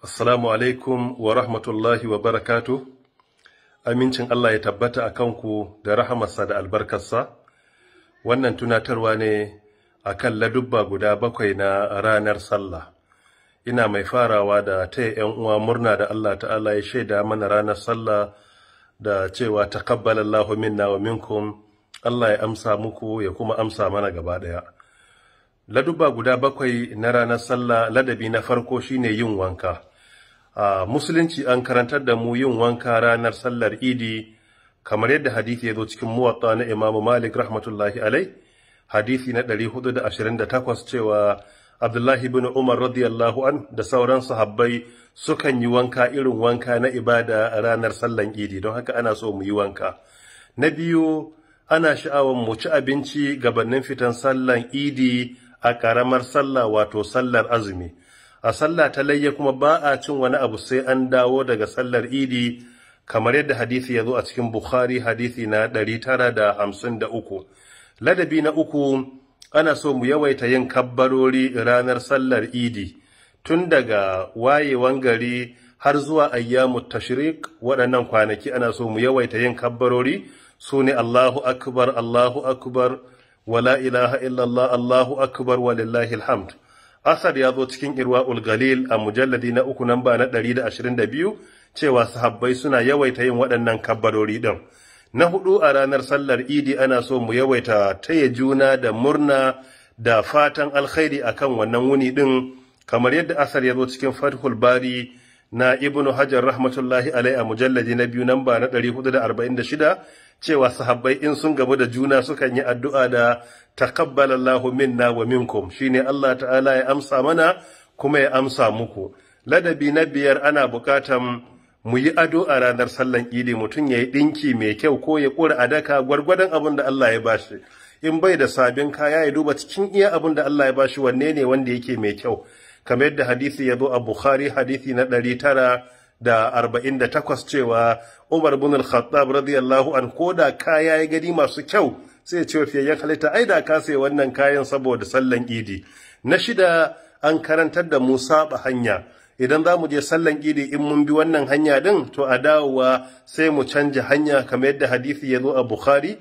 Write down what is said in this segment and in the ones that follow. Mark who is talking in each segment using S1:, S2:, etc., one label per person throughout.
S1: Assalamu alaikum wa rahmatullahi wa barakatu. Amincin Allah ya tabbata a kanku da rahamarsa da albarkarsa. Wannan tunatarwa ne a kan ladubba guda bakwai na ranar sallah. Ina mai farawa da taya 'yan uwa murna da Allah ta'ala ya shaida mana ranar sallah da cewa ta lahu minna wa minkum Allah ya amsa muku ya kuma amsa mana gaba ɗaya. Laduba guda bakwai na ranar sallah ladabi na farko shine yin wanka. A musulunci an karantar da mu yin wanka ranar sallar idi kamar yadda hadithi ya zo cikin muwatta na Imamu Malik rahmatullahi alai hadithi na 428 cewa Abdullahi bin Umar radiyallahu an da sauran sahabbai sukan yi wanka irin wanka na ibada ranar sallan idi don haka ana so mu yi wanka. Na biyu ana sha'awar mu ci abinci gabanin fitan sallan idi a ƙaramar sallah wato sallar azumi a sallah ta layya kuma ba a cin wani abu sai an dawo daga sallar idi kamar yadda hadisi ya zo a cikin bukhari hadisi na ɗari tara da da hamsin uku. ladabi na uku ana so mu yawaita yin kabbarori ranar sallar idi tun daga wayewan gari har zuwa ayyamu tashrik waɗannan kwanaki ana so mu yawaita yin kabbarori su ne allahu akbar allahu akbar wala ilaha illallah Allahu akbar walillahi alhamd asar ya zo cikin irwa'ul galil a mujalladi na uku namba na 122 cewa sahabbai suna yawaita yin waɗannan kabarori. din na hudu a ranar sallar idi ana so mu yawaita taya juna da murna da fatan alkhairi akan wannan wuni din kamar yadda asar ya zo cikin fathul bari na ibnu hajar rahmatullahi alai a mujalladi na biyu namba na 446 cewa sahabbai in sun gabu da juna sukan yi addu'a da takabbalallahu minna wa minkum shine Allah ta'ala ya amsa mana kuma ya amsa muku ladabi na biyar ana bukatan mu yi ado a ranar sallan idi mutum ya yi ɗinki mai kyau ko ya ƙura a daka gwargwadon abin da Allah ya bashi in bai da sabin kaya ya duba cikin iya abin da Allah ya bashi wanne ne wanda yake mai kyau kamar yadda hadisi ya zo a Bukhari hadisi na ɗari tara da arba'in da takwas cewa Umar bin Al-Khattab radiyallahu an ko da kaya ya gani masu kyau sai ya ce wa fiyayyen halitta ai da ka sai wannan kayan saboda sallan idi na shida an karantar da mu saba hanya idan za mu je sallan idi in mun bi wannan hanya din to a dawowa sai mu canja hanya kamar yadda hadisi ya zo a Bukhari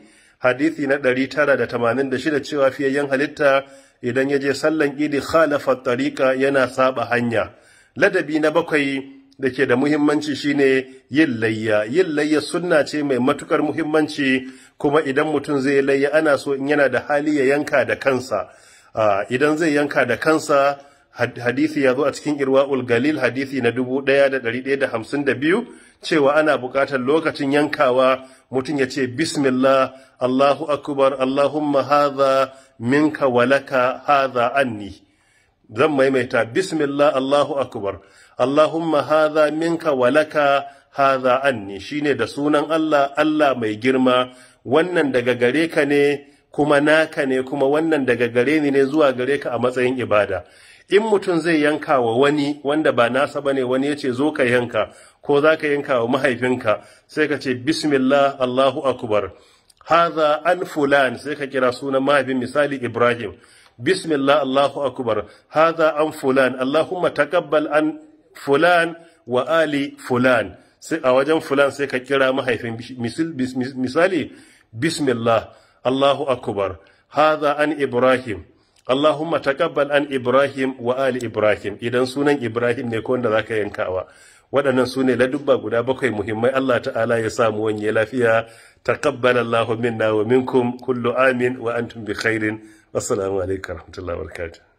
S1: hadisi na 986 cewa fiyayyen halitta idan ya je sallan idi khalafa tariqa yana saba hanya ladabi na bakwai da ke da muhimmanci shine yin layya yin layya sunna ce mai matukar muhimmanci kuma idan mutum zai layya ana so in yana da hali ya yanka da kansa idan zai yanka da kansa hadisi ya zo a cikin irwa'ul galil hadisi na 1152 cewa ana bukatar lokacin yankawa mutum ya ce bismillah allahu akbar allahumma hadha minka walaka hadha anni zan maimaita bismillah allahu akbar Allahumma haza minka walaka haza anni shine da sunan Allah Allah mai girma wannan daga gare ka ne kuma naka ne kuma wannan daga gare ni ne zuwa gare ka a matsayin ibada in mutum zai yanka wa wani wanda ba nasa ba ne wani ya ce zo ka yanka ko za ka yanka wa mahaifinka sai ka ce bismillah allahu akubar haza an fulan sai ka kira sunan mahaifin misali ibrahim bismillah allahu akubar haza an fulan allahumma taqabbal an fulan wa ali fulan sai a wajen fulan sai ka kira mahaifin misali bismillah Allahu akbar hadha an ibrahim Allahumma taqabbal an ibrahim wa ali ibrahim idan sunan ibrahim ne ko wanda zaka yankawa waɗannan su ne ladubba guda bakwai muhimmai Allah ta'ala ya samu wanye lafiya taqabbal Allahu minna wa minkum kullu amin wa antum bi khairin wassalamu alaikum warahmatullahi wabarakatuh